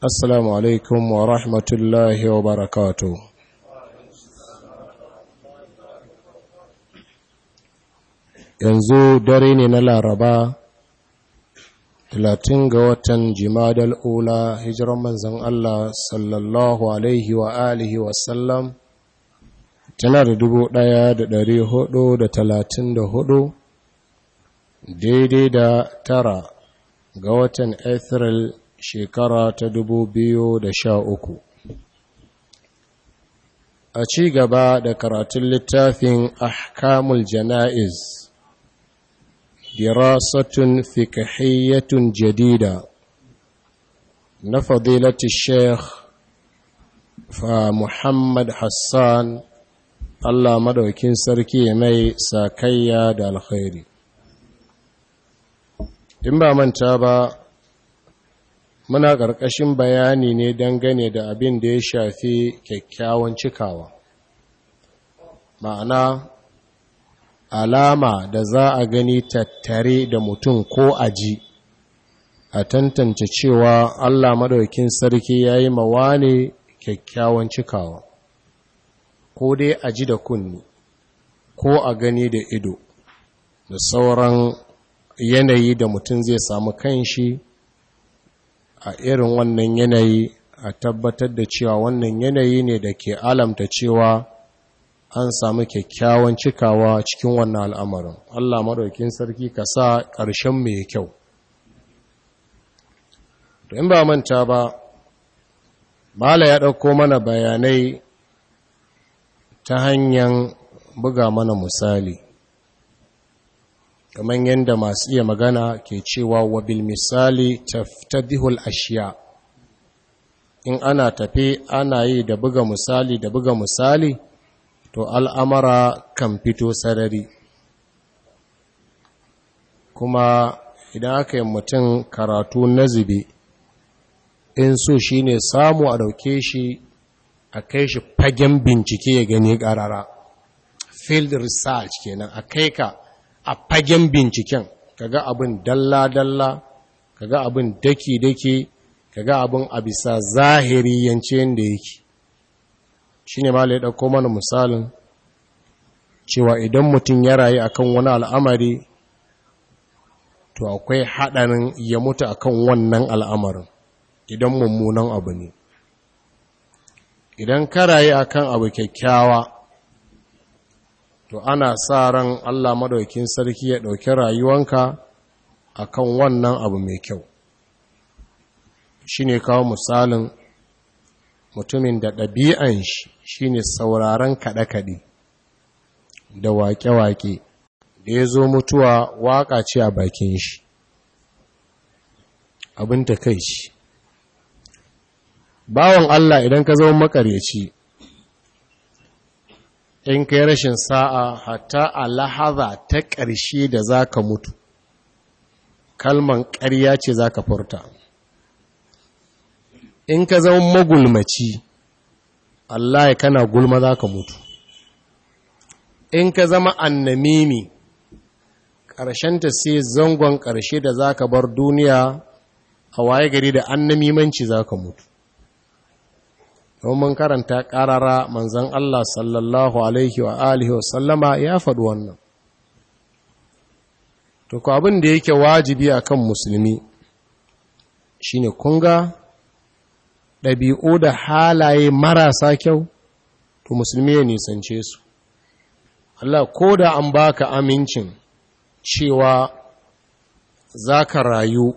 Assalamu alaikum wa rahmatullahi wa barakatu. Yanzu dare ne na Laraba, talatin ga watan Jimadal Ula, hijiran manzan Allah sallallahu Alaihi wa alihi tana da dubu ɗaya da ɗari hudu da talatin da hudu, daidai da tara ga watan Ethereal shekara ta dubu biyu da sha uku. a ci gaba da karatun littafin ahkamul jana'iz dirasatun fikahiyyatun jadida na fadilati sheikh fa muhammad hassan allah madaukin sarki mai sakayya da alkhairi in ba manta ba muna ƙarƙashin bayani ne dangane da abin da ya shafi kyakkyawan cikawa ma'ana alama da za a gani tattare da mutum ko a ji. a tantance cewa Allah maɗaukin sarki ya yi mawa ne kyakkyawan cikawa ko dai a ji da kunni ko a gani da ido da sauran yanayi da mutum zai samu kanshi a irin wannan yanayi a tabbatar da cewa wannan yanayi ne da ke alamta cewa an samu kyakkyawan cikawa cikin wannan al'amarin Allah maɗaukin sarki ka sa ƙarshen mai kyau to in ba manta ba Bala ya ɗauko mana bayanai ta hanyar buga mana misali kamar yadda masu iya magana ke cewa wa bil misali taftadihul ashiya in ana tafe ana yi da buga misali da buga misali to al'amara kan fito sarari kuma idan aka yi mutum karatu na zube in so shi ne samu a dauke shi a kai shi fagen bincike ya gani karara field research kenan a kai ka a fagen binciken ga abin dalla-dalla kaga abin daki-daki kaga abin a bisa zahiri yance yadda yake shi ne ma lai ɗauko mana misalin cewa idan mutum ya rayu akan wani al'amari to akwai haɗarin ya mutu akan wannan al'amarin idan mummunan abu ne idan ka rayu akan abu kyakkyawa to ana sa ran Allah madaukin sarki ya ɗauki rayuwanka akan wannan abu mai kyau shine kawo misalin mutumin da ɗabi'an shi shine sauraron kaɗe-kaɗe da waƙe-waƙe da ya zo mutuwa waƙa ce a bakin shi abin ta kai shi bawan Allah idan ka zama makaryaci in kai rashin sa'a hatta a lahaza ta ƙarshe da za ka mutu kalman ƙarya ce za ka furta in ka zama magulmaci Allah ya kana gulma za ka mutu in ka zama annamimi ta sai zangon ƙarshe da za ka bar duniya a waye gari da annamimanci za ka mutu mun karanta ƙarara manzan Allah sallallahu alaihi wa alihi wa sallama ya faɗi wannan to ku abin da yake wajibi a kan musulmi shine kunga ɗabi'u da halaye marasa kyau to musulmi ya nisance su Allah ko da an baka amincin cewa za ka rayu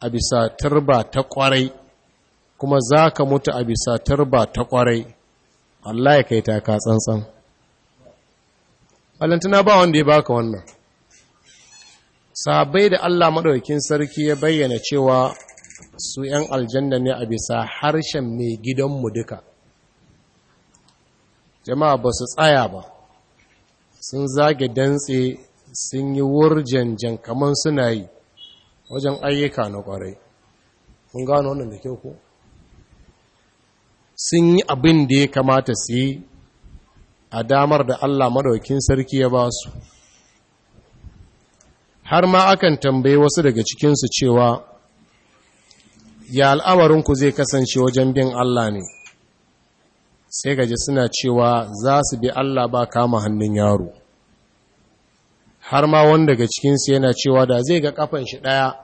a bisa turba ta ƙwarai kuma za ka mutu a bisa tarba ta ƙwarai Allah ya kai ta ka tsantsan balantana ba wanda ya baka wannan sabai da Allah maɗaukin sarki ya bayyana cewa su ‘yan aljanna ne a bisa harshen mai gidanmu duka jama'a ba su tsaya ba sun zage dantse sun yi wurjanjan kamar suna yi wajen ayyuka na ƙwarai kun gano wannan da kyau ko sun yi abin da ya kamata su yi a damar da Allah maɗaukin sarki ya ba su har ma akan tambaye wasu daga cikinsu cewa ya al'amarinku zai kasance wajen bin Allah ne sai gaji suna cewa za su bi Allah ba kama hannun yaro har ma wanda daga cikinsu yana cewa da zai ga kafan shi ɗaya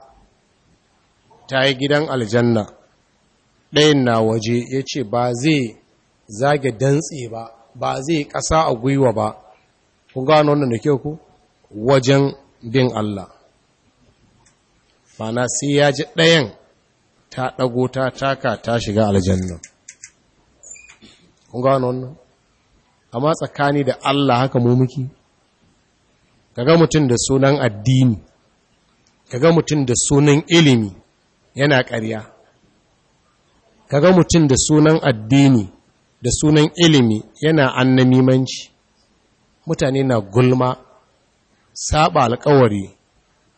ta yi gidan aljanna ɗayan na waje ya ce ba zai zage dantse ba ba zai ƙasa a gwiwa ba kun gano wannan da ke ku wajen bin Allah mana sai ya ji ɗayan ta ɗago ta taka ta shiga aljanna kun gano wannan amma tsakani da Allah haka mu kaga mutum da sunan addini kaga mutum da sunan ilimi yana ƙarya kaga mutum da sunan addini da sunan ilimi yana annamimanci mutane na gulma saba alkawari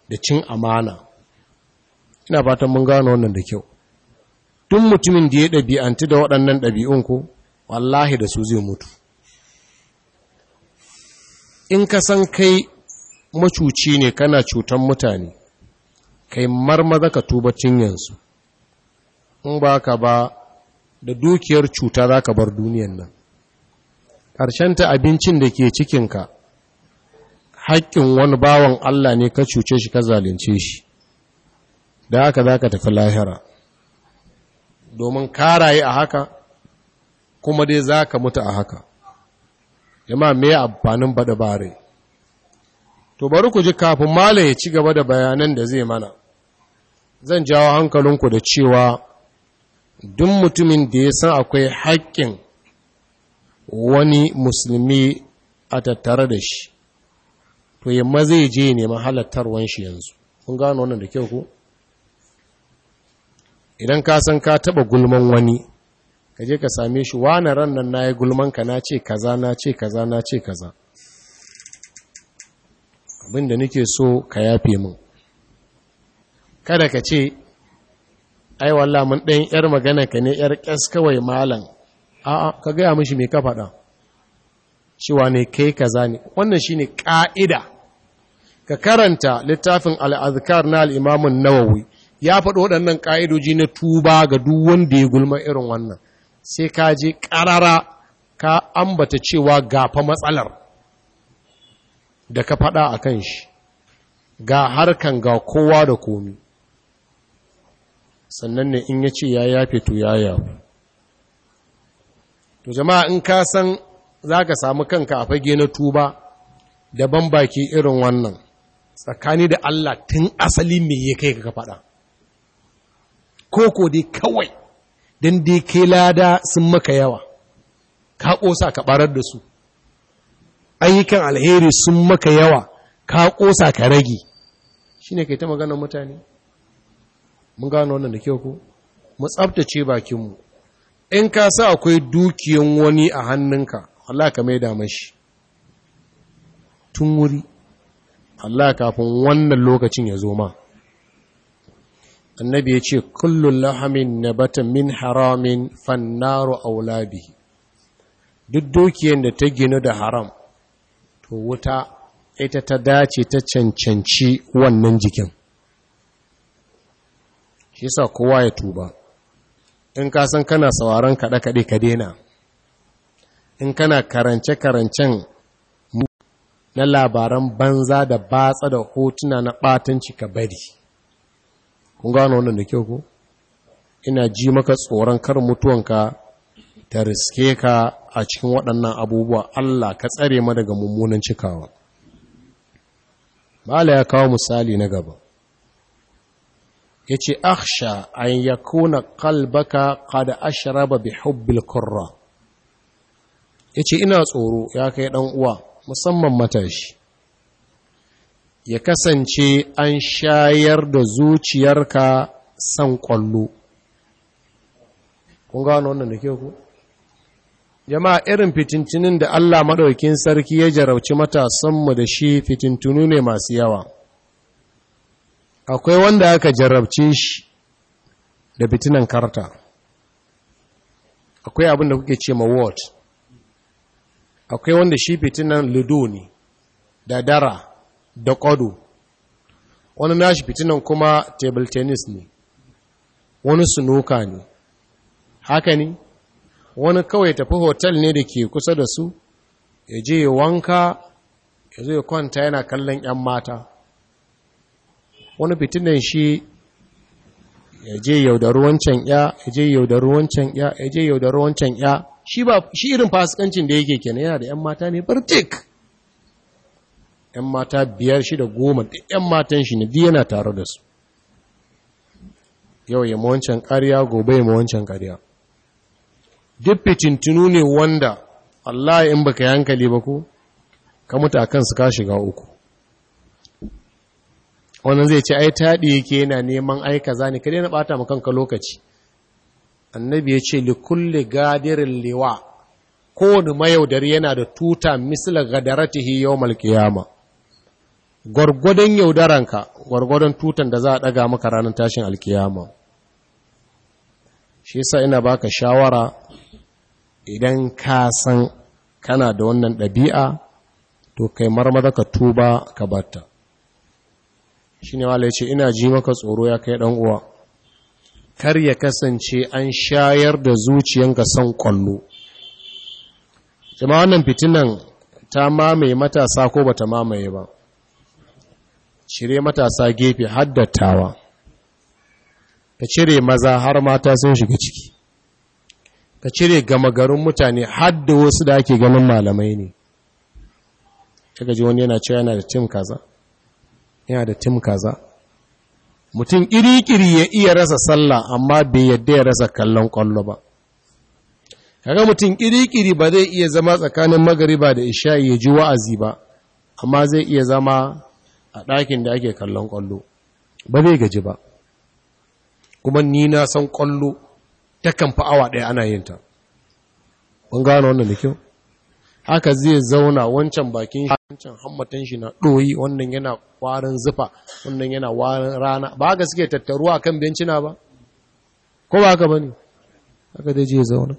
da cin amana ina fatan mun gano wannan da kyau duk mutumin da ya ɗabi'antu da waɗannan ɗabi'un ko wallahi da su zai mutu in ka san kai macuci ne kana cutan mutane kai marmaza ka tuba yanzu. in ba ka ba da dukiyar cuta za ka bar duniyan nan ƙarshen ta abincin da ke cikinka haƙƙin wani bawan Allah ne ka cuce shi ka zalince shi da haka za ka tafi lahira domin karaye a haka kuma dai za ka mutu a haka yamma me amfanin bada bare to bari ku ji kafin mala ya ci gaba da bayanan da zai mana zan jawo hankalinku da cewa duk mutumin da ya san akwai haƙƙin wani musulmi a tattare da shi to yamma zai je neman halattarwan shi yanzu kun gano wannan da kyau ko idan ka san ka taɓa gulman wani ka je ka same shi wane ran na yi gulman ka na ce kaza na ce kaza na ce kaza abinda nake so ka yafe min kada ka ce ai walla mun ɗan yar magana ka ne yar kas kawai malam a'a ka gaya mishi me ka faɗa cewa ne kai kaza ne wannan shine ƙa'ida ka karanta littafin al-azkar na an nawawi ya faɗi waɗannan ƙa'idoji na tuba ga duk wanda ya gulma irin wannan sai ka je ƙarara ka ambata cewa gafa matsalar da ka faɗa a kan shi ga harkan ga kowa da komi sannan ne in ya ce ya yafe to ya yafu to jama'a in ka san za ka samu kanka a fage na tuba daban baki irin wannan tsakani da Allah tun asali mai ya kai ka faɗa Ko dai kawai don dai ke lada sun maka yawa ka ƙosa ka ɓarar da su ayyukan alheri sun maka yawa ka ƙosa ka rage shi ne kai ta maganar mutane mun gano wannan da kyau ku mu tsabtace bakinmu in ka sa akwai dukiyan wani a hannunka Allah ka maida mashi tun wuri Allah kafin wannan lokacin ya zo ma annabi ya ce kullun lahamin nabata min haramin fannaru aulabihi duk dukiyan da ta ginu da haram to wuta ita ta dace ta cancanci wannan jikin shi sa kowa ya tuba in ka san kana sauraron kaɗe-kaɗe ka daina in kana karance-karancen na labaran banza da batsa da hotuna na ɓatanci ka bari kun gano wannan da kyau ko ina ji maka tsoron kar mutuwanka ta riske ka a cikin waɗannan abubuwa Allah ka tsare ma daga mummunan cikawa Mala ya kawo misali na gaba ya ce aksha an ya kuna kalbaka kada ashraba bi hubbil kurra ya ce ina tsoro ya kai dan uwa musamman matashi ya kasance an shayar da zuciyarka san kwallo. kun gano wannan da ke ku jama'a irin fitintunin da allah maɗaukin sarki ya jarauci matasanmu da shi fitintunu ne masu yawa akwai wanda aka jarabce shi da fitinan karta akwai abin kuke ce ma ward akwai wanda shi fitinan ludo ne da dara da kwado wani nashi fitinan kuma table tennis ne wani sunuka ne haka ne wani kawai tafi hotel ne da ke kusa da su ya je ya wanka ya zo ya kwanta yana kallon 'yan mata wani fitinan shi ya je ruwan wancan ya ya je ruwan wancan ya ya je yaudar wancan ya shi ba shi irin fasikancin da yake kenan yana da yan mata ne bartik yan mata biyar shi da goma da yan matan shi ne yana tare da su yau ya wancan ƙarya gobe ya wancan ƙarya duk fitintunu ne wanda Allah in baka yankali ba ko ka mutu akan su ka shiga uku wannan zai ce ai taɗi yake yana neman aika kaza ne kada na bata ma kanka lokaci annabi ya ce li kulli gadirin liwa kowane mayaudari yana da tuta misla gadaratihi yawmal qiyama gwargwadon yaudaranka gwargwadon tutan da za a ɗaga maka ranar tashin alkiyama shi yasa ina baka shawara idan ka san kana da wannan ɗabi'a to kai marmara ka tuba ka batta shi ne wale ce ina ji maka tsoro ya kai uwa kar ya kasance an shayar da zuciyanka son kwallo jama wannan fitinan ta mamaye matasa ko ba ta mamaye ba cire matasa gefe haddatawa ka cire maza har mata sun shiga ciki ka cire gama garin mutane hadda wasu da ake ganin malamai ne ta gaji wani yana cewa yana da tim kaza yana da tim kaza mutum iri ya iya rasa sallah amma bai yadda ya rasa kallon kwallo ba kaga mutum kirikiri ba zai iya zama tsakanin magariba da isha ya ji wa'azi ba amma zai iya zama a ɗakin da ake kallon kwallo ba zai gaji ba kuma ni na san kwallo takan fi awa ɗaya ana yin ta. Mun gano wannan da kyau? Haka zai zauna wancan bakin shi. cancan hammatan shi na ɗoyi wannan yana kwarin zufa wannan yana warin rana ba ga suke tattaruwa kan bencina ba ko ba haka bane haka dai je zaune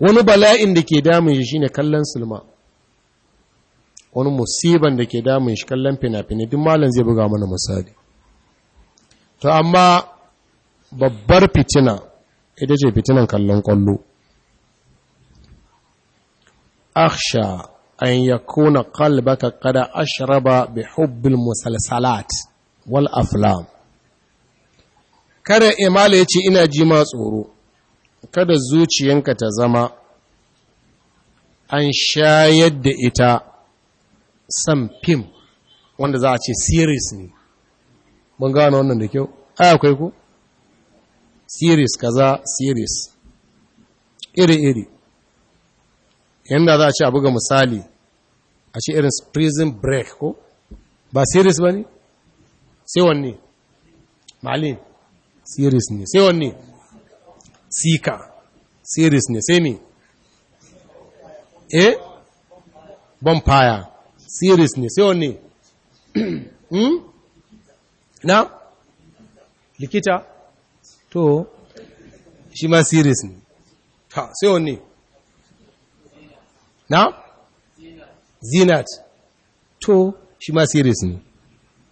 wani bala'in da ke damun shi shi ne kallon sulma wani musiban da ke damun shi kallon fina-finai duk malam zai buga mana misali to amma babbar fitina ita ce fitinan kallon kwallo aksha an yakuna qalbaka qad ashraba bi hubbil musalsalat wal aflam kada imala yace ina ji ma tsoro kada zuciyanka ta zama an shayar da ita san fim wanda za a ce series ne mun gano wannan da kyau ai akwai ku? series kaza series iri-iri yadda za a ce a buga misali a ce irin prison break ko ba series ba ne sai wanne malin series ne sai wanne sika series ne sai ne eh bonfire series ne sai wanne hmm? na likita to shi ma series ne ha sai wanne na? zinat to shi ma series ne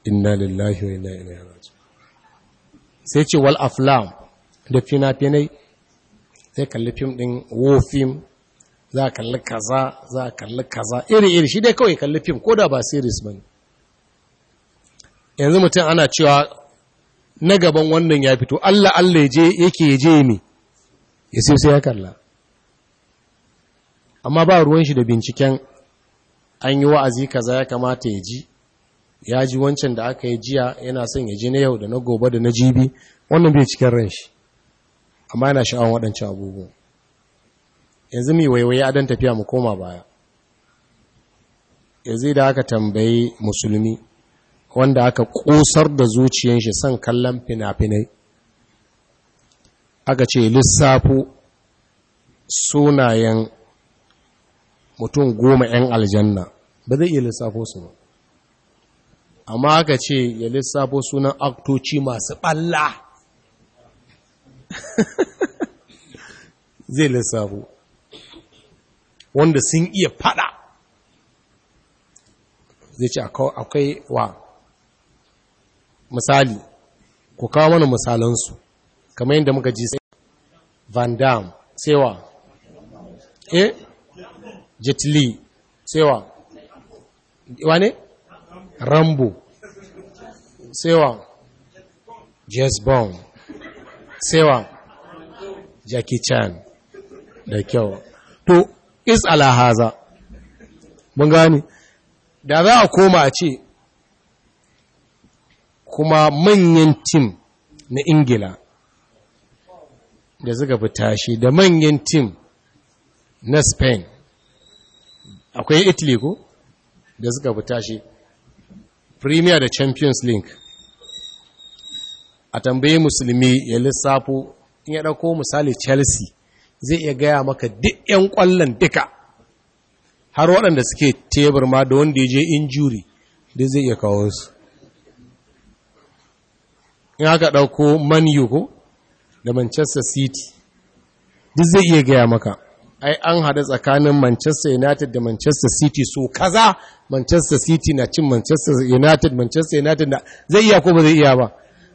inna lillahi wa inna ilaihi raji'un sai ce wal aflam da fina-finai sai kalli fim din wo fim za a kalli kaza za a kalli kaza iri-iri shi dai kawai kalli fim ko da ba siris ba yanzu mutum ana cewa na gaban wannan ya fito Allah Allah yake je ni, ya sai ya kalla amma ba ruwan shi da binciken an yi wa'azi kaza ya kamata ya ji ya ji wancan da aka yi jiya yana son ya ji na yau da na gobe da na jibi wannan bai cikin ran shi amma yana sha'awan waɗancan abubuwan yanzu mai waiwaye don tafiya mu koma baya yanzu da aka tambayi musulmi wanda aka ƙusar da zuciyan shi son kallon fina-finai aka ce lissafo sunayen mutum goma 'yan aljanna ba zai iya lissafo su ba amma aka ce ya lissafo sunan aktoci masu balla zai lissafo wanda sun iya fada zai ce akwai wa misali ku kawo mana misalansu kamar yadda muka ji sai van dam sai wa eh Jetli sewa wane Rambo sewa jess bon sewa Jackie Chan da kyau to is alahaza mun gani da za a koma a ce kuma manyan tim na ingila da suka fi tashi da manyan tim na spain akwai italy ko da suka fita shi premier da champions league a tambaye musulmi ya lissafo in ya dauko misali chelsea zai iya gaya maka duk 'yan kwallon duka har waɗanda suke tebur ma da wanda ya je injuri da zai iya kawo su in aka dauko man ko da manchester city duk zai iya gaya maka ai an hada tsakanin Manchester United da Manchester City so kaza Manchester City na cin Manchester United Manchester United na zai iya ko ba zai iya ba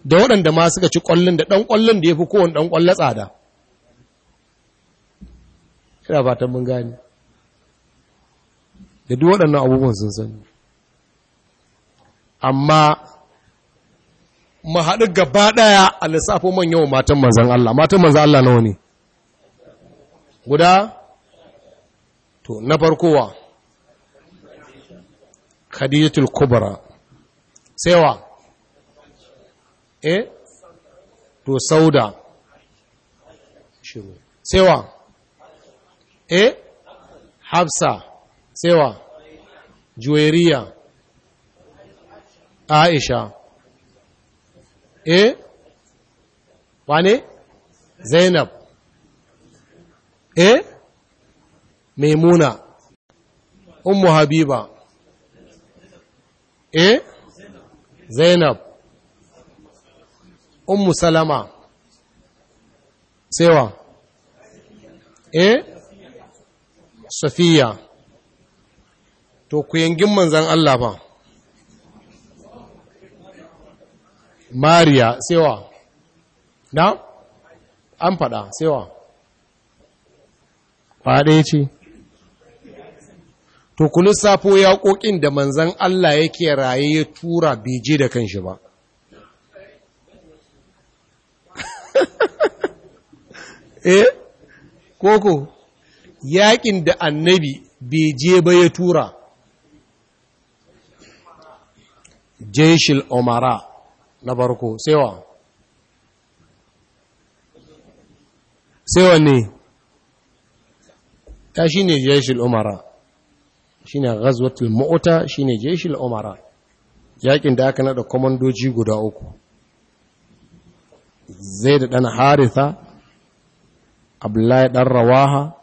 da waɗanda ma suka ci ƙwallon da ɗan ƙwallon da ya fi kowane ɗan ƙwallon tsada ina fatan mun gani da duk waɗannan abubuwan sun sani amma mu haɗu gaba ɗaya a lissafin manyan matan manzan Allah matan manzan Allah nawa ne guda to na farkowa khadijatul kubra sewa eh to sauda shiru sewa eh hafsa sewa juwairiya aisha eh wane zainab eh maimuna ummu habiba eh zainab ummu salama sewa eh safiya to ku yangin manzan Allah ba mariya sewa na an faɗa sewa faɗe ce to ku lissafo yaƙoƙin da manzan Allah yake raye ya tura beji da kanshi ba eh koko yaƙin da annabi beje ba ya tura jeshil omara na barko sewa sewa ne ta shi ne jeshil omara shine ghazwatul mu'ta shine jeshil umara yakin da aka nada komandoji guda uku zaid dan haritha abdullahi dan rawaha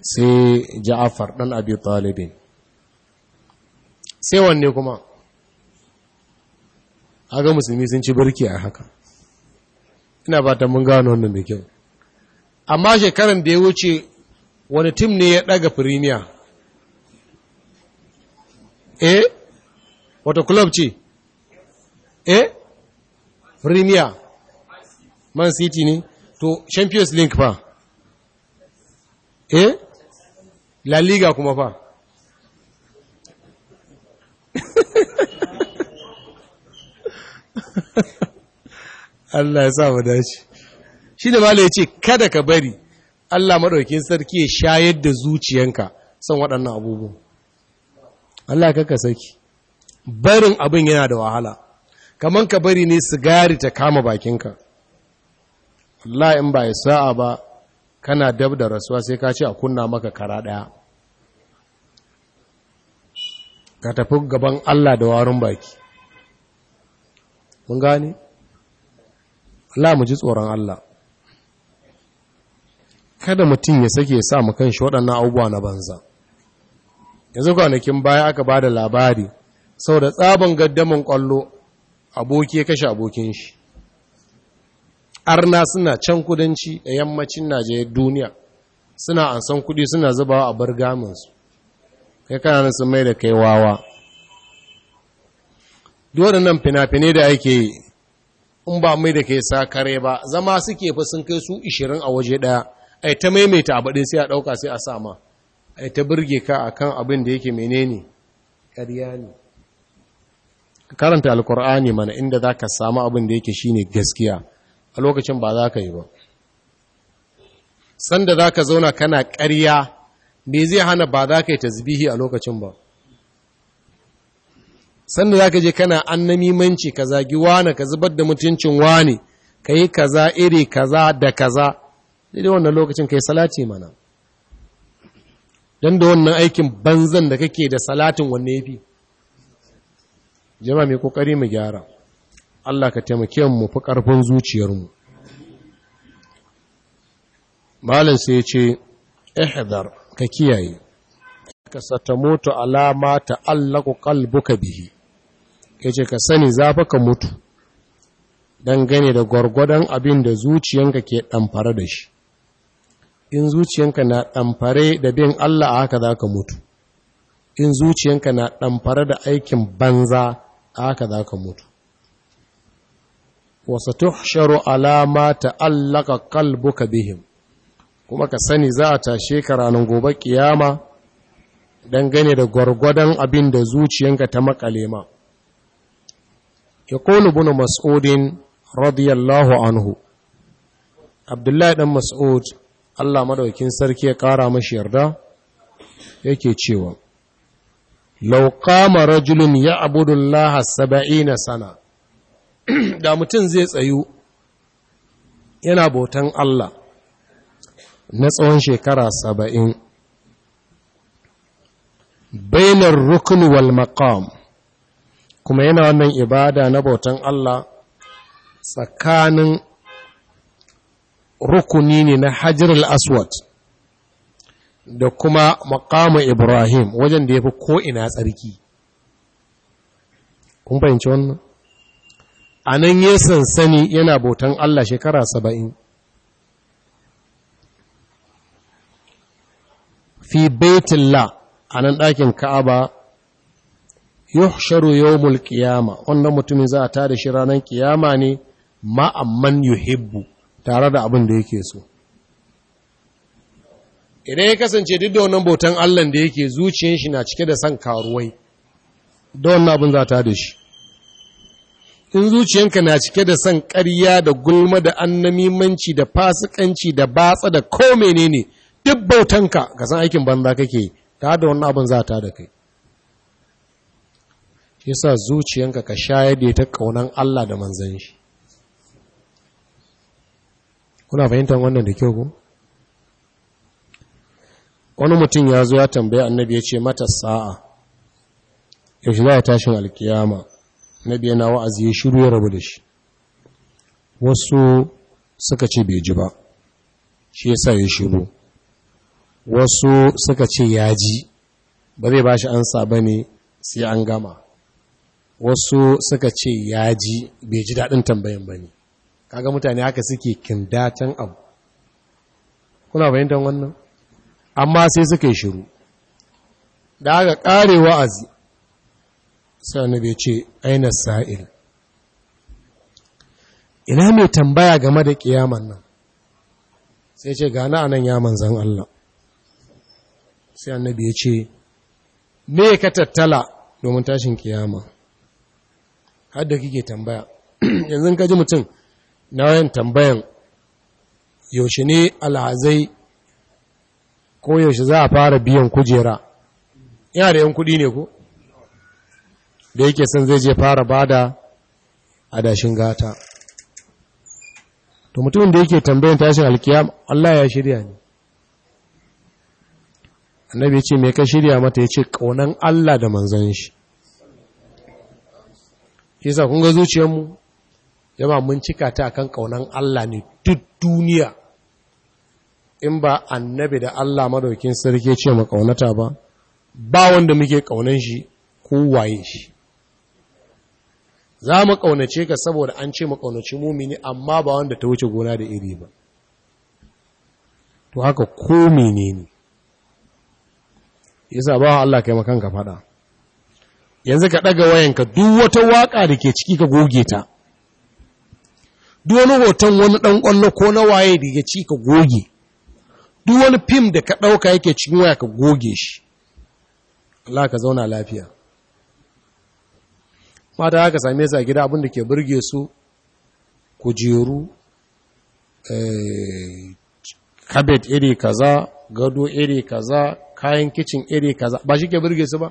sai ja'far dan abi talib sai wanne kuma aga musulmi sun ci barki a haka ina ba ta mun gano wannan da kyau amma shekaran da ya wuce wani tim ne ya daga firimiya eh wato club ce E? premier man city ne to champions league fa E? la liga kuma fa Allah ya sa mu dace shi da malai ce kada ka bari Allah maɗaukin sarki ya shayar da zuciyanka son waɗannan abubuwan Allah ka saki barin abin yana da wahala kaman ka bari ne sigari ta kama bakinka Allah in ba ya sa'a ba kana dab da rasuwa sai ka ce a kunna maka kara daya ka tafi gaban Allah da warin baki mun gane Allah mu ji tsoron Allah kada mutum ya sake sa mu kan shi waɗannan abubuwa na banza yanzu kwanakin baya aka ba da labari sau da tsabon gaddamin kwallo aboki ya kashe abokin shi arna suna can kudanci da yammacin najeriya duniya suna ansan kudi suna zuba a bargaminsu kai kananan sun mai da kai wawa nan fina-finai da ake yi in ba mai da kai kare ba zama suke fi sun kai su 20 a waje daya ai ta maimaita abadin sai a dauka sai a sama ai ta burge ka akan abin da yake menene ƙarya ne karanta alkur'ani mana inda za ka samu abin da yake shine gaskiya a lokacin ba za ka yi ba sanda za ka zauna kana ƙarya me zai hana ba za ka yi tasbihi a lokacin ba sanda za ka je kana annamimanci ka zagi wane ka zubar da mutuncin wani, ka yi kaza iri kaza da kaza daidai wannan lokacin ka yi salati mana don da wannan aikin banzan da kake da salatin wanne yafi jama mai kokari mu gyara Allah ka taimake mu fi karfin zuciyarmu malam sai ya ce ka kiyaye ka satamutu alama ta ta'allaqu ka bihi yace ka sani zafa ka mutu dangane da gwargwadon abin da zuciyanka ke ɗamfara da shi in zuciyanka na ɗamfare da bin Allah a haka za mutu in zuciyanka na ɗamfare da aikin banza a haka za ka mutu wasu tuhsharu alama ta ta'allaka ka bihim kuma ka sani za a tashe ka ranar gobe kiyama dangane da gwargwadon abin da zuciyanka ta makale ma ya kone bunu mas'udin radiyallahu anhu abdullahi dan mas'ud Allah madaukin sarki ya ƙara mashi yarda yake cewa law qama rajulun ya'budu Allah 70 sana da mutum zai tsayu yana bautan Allah na tsawon shekara saba'in bainar rukun wal maqam kuma yana wannan ibada na bautan Allah tsakanin rukuni ne na hajjarul aswad da kuma makamu ibrahim wajen da ya fi ko'ina tsarki kun fahimci wannan a nan ya sansani yana bautan allah shekara saba'in fi la a nan ɗakin ka'aba yuhsharu yawmul qiyama wannan mutumin za a tada shi ranar kiyama ne ma'amman yuhibbu tare da abin da yake so idan ya kasance duk da wannan bautan Allah da yake zuciyar shi na cike da san karuwai da wannan abin za ta da shi in zuciyanka na cike da san ƙarya da gulma da annamimanci da fasikanci da batsa da ko menene duk bautanka ka san aikin banza kake ta da wannan abin za ta da kai yasa zuciyanka ka shayar da ta kaunan Allah da manzan shi kuna fahimtar wannan da kyau ku wani mutum ya zo ya tambaya annabi ya ce mata sa'a yaushe za a tashin alkiyama annabi yana wa'azi ya shiru ya rabu da shi wasu suka ce bai ji ba shi ya sa ya shiru wasu suka ce ya ji ba zai ba shi ansa ba ne sai an gama wasu suka ce ya ji bai ji daɗin tambayan ba ne kaga mutane haka suke kindatan abu kuna bayyantar wannan amma sai suka yi shiru da aka kare wa'azi sai bai ce aina sa'il ina mai tambaya game da kiyaman nan sai ce gana anan ya zan Allah sai annabi ya ce me ka tattala domin tashin kiyama har da kike tambaya yanzu ka ji mutum na wayan tambayan yaushe ne alhazai ko yaushe za a fara biyan kujera yana da yan kudi ne ko da yake son zai je fara bada adashin gata to mutumin da yake tambayan tashin alkiyam Allah ya shirya ne annabi ya ce me ka shirya mata ya ce kaunan Allah da manzan shi kisa kun ga zuciyarmu jama mun cika ta kan ƙaunan Allah ne duk duniya in ba annabi da Allah madaukin sarki ce mu kaunata ba ba wanda muke kaunan shi ko waye shi za mu kaunace ka saboda an ce mu kaunaci mumini amma ba wanda ta wuce gona da iri ba to haka ko menene yasa ba Allah kai makan ka fada yanzu ka daga wayanka duk wata waka da ke ciki ka goge ta duk wani hoton wani ɗan ƙwallo ko na waye da ya ci ka goge duk wani fim da ka ɗauka yake cikin waya ka goge shi Allah ka zauna lafiya mata haka same su a gida abinda ke burge su kujeru kabet eh, iri kaza gado iri kaza kayan kicin iri kaza ba shi ke burge su ba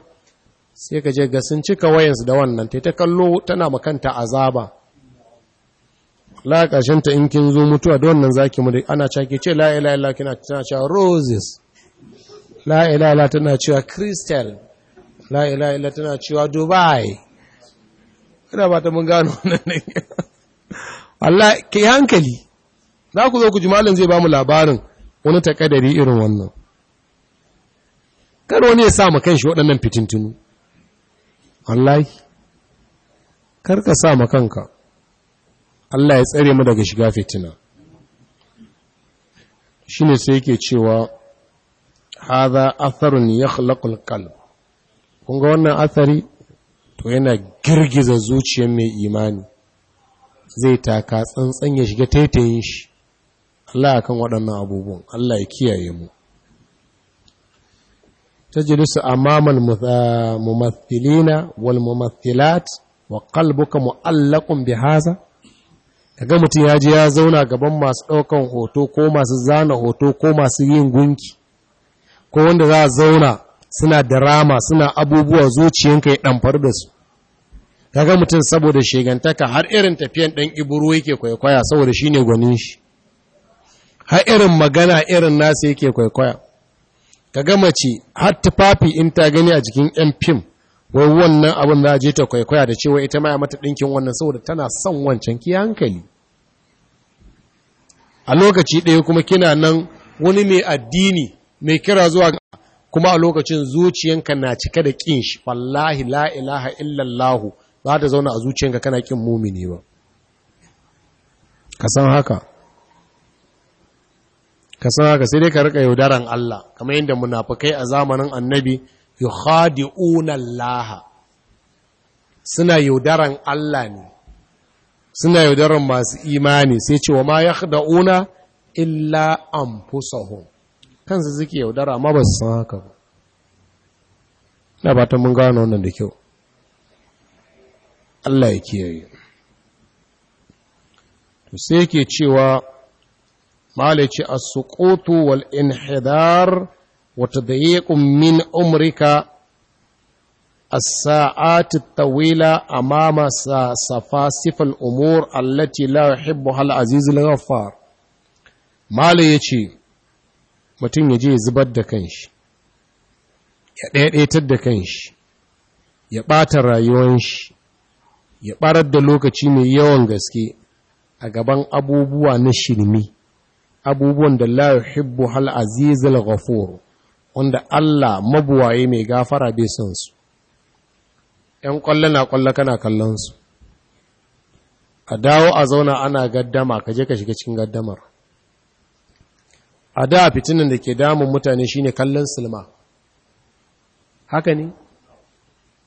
sai ka je ga sun cika wayansu da wannan ta ta kallo tana makanta azaba la ta in kin zo mutuwa da wannan zaki mu da ana cake ce la ilaha illa kina tana cewa roses la ilaha illa tana cewa crystal la ilaha illa tana cewa dubai ina ba ta mun gano wannan ne Allah ke hankali za ku zo ku ji malam zai ba mu labarin wani takadari irin wannan kar wani ya sa mu kanshi waɗannan fitintunu wallahi kar ka sa mu kanka Allah ya tsare mu daga shiga fitina shine sai yake cewa haza atharun yakhlaqu alqalb kun ga wannan athari to yana girgiza zuciyar mai imani zai taka tsantsan ya shiga taitayin shi Allah akan waɗannan abubuwan Allah ya kiyaye mu mumathilina wal mumathilat wa kalbuka معلق bihaza kaga mutum ya je ya zauna gaban masu ɗaukan hoto ko masu zana hoto ko masu yin gunki ko wanda za a zauna suna rama suna abubuwa zuciyanka ya ɗamfar da su kaga mutum saboda shegantaka har irin tafiyan ɗan iburu yake kwaikwaya saboda shi ne gwanin shi har irin magana irin nasa yake kwaikwaya ka kaga mace har tufafi in ta gani a jikin yan fim wai wannan abin za a je ta kwaikwaya da cewa ita ma ya mata ɗinkin wannan saboda tana son wancan ki hankali a lokaci ɗaya kuma kina nan wani mai addini mai kira zuwa kuma a lokacin zuciyanka na cike da ƙin shi wallahi la ilaha illallahu za ta zauna a zuciyanka kana ƙin mumini ba ka san haka ka haka sai dai ka rika yaudaran Allah kamar yadda munafukai a zamanin annabi yukhadi'una laha suna yaudaran Allah ne suna yaudarar masu imani sai cewa wa ma ya una illa an fusahun kansu suke yaudara ma ba su san haka ba na ba ta mun gano wannan da kyau Allah ya kiyaye to sai yake cewa malaci a wal inhidar wa tadyiqu min umrika الساعات الطويلة أمام سفاسف الأمور التي لا يحبها العزيز الغفار ما ليشي mutum ya je ya zubar da kanshi ya ɗaiɗaitar da kanshi ya ɓata shi, ya ɓarar da lokaci mai yawan gaske a gaban abubuwa na shirmi abubuwan da la yuhibbu hal azizul ghafur wanda Allah mabuwaye mai gafara bai san su ‘yan ƙwallo na ƙwallo kana kallon su a dawo a zauna ana gaddama ka je ka shiga cikin gaddamar a da fitinin da ke damun mutane shine kallon silma haka ne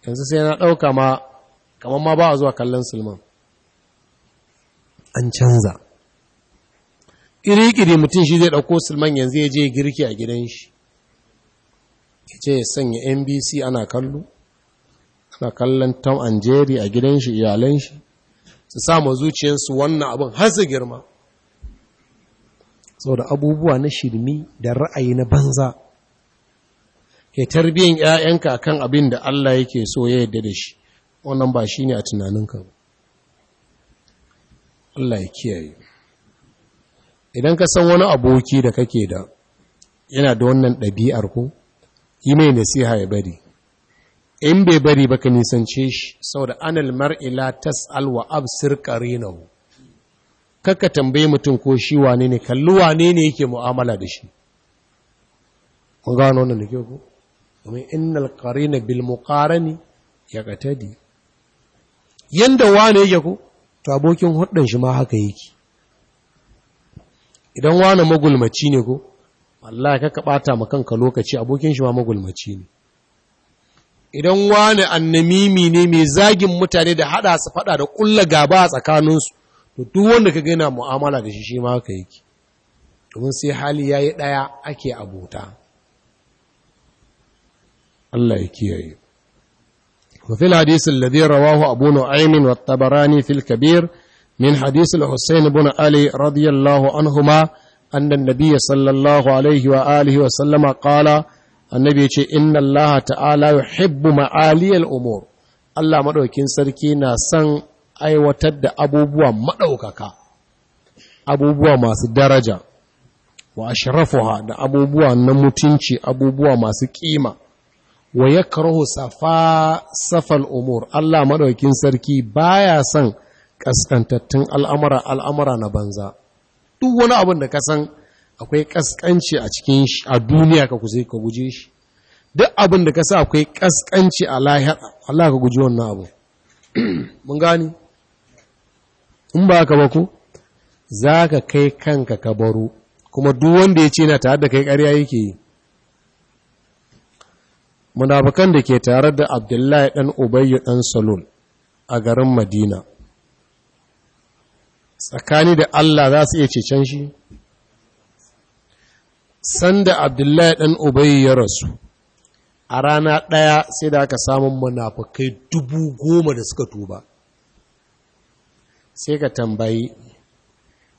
yanzu sai na ɗauka ma kamar ma ba a zuwa kallon silman an canza ƙiri-ƙiri mutum shi zai ɗauko silman yanzu ya je girki a gidan shi ya ce ya sanya nbc ana kallo suna kallon tom and jerry a gidan shi iyalan shi su samu zuciyarsu wannan abin har su girma da abubuwa na shirmi da ra'ayi na banza ke tarbiyyar 'ya'yanka kan abin da Allah yake so ya yadda da shi wannan ba shi ne a tunaninka Allah ya kiyaye idan ka san wani aboki da kake da yana da wannan ɗabi'ar ko yi mai nasiha ya bari in bai bari ba ka nisance shi Sau da anal mar'ila tas'al wa absir qarinahu kakka tambaye mutum ko shi wane ne kallu wane ne yake mu'amala da shi mun gano wannan da ku domin innal qarina bil muqarani yanda wane yake ku to abokin huddan shi ma haka yake idan wane magulmaci ne ko wallahi kaka bata ma kanka lokaci abokin shi ma magulmaci ne idan wani annamimi ne mai zagin mutane da hada su fada da kulla gaba a tsakaninsu to duk wanda ka gina mu'amala da shi shi ma ka yake domin sai hali ya yi daya ake abota Allah ya kiyaye وفي الحديث الذي رواه أبو نعيم والطبراني في الكبير من حديث الحسين بن علي رضي الله عنهما أن النبي صلى الله عليه وآله وسلم قال annabi ya ce inna Allah ta'ala yuhibbu ma'aliyal umur Allah maɗaukin sarki na son aiwatar da abubuwa maɗaukaka abubuwa masu daraja wa ashrafuha da abubuwa na mutunci abubuwa masu ƙima. wa yakrahu safa safal umur Allah maɗaukin sarki baya son ƙasƙantattun al'amura al'amura na banza duk wani abin da ka san akwai kaskanci a cikin shi a duniya ka kusa ka guje shi duk abin da ka sa akwai kaskanci a lahira Allah ka guji wannan abu mun gani in ba ka ba ku za ka kai kanka ka baro kuma duk wanda ya ce na tare da kai ƙarya yake yi munafukan da ke tare da abdullahi dan ubayyu dan salon a garin madina tsakani da allah za su iya cecen shi sanda abdullahi ɗan ubayi ya rasu a rana ɗaya sai da aka samun munafukai dubu goma da suka tuba sai ka tambayi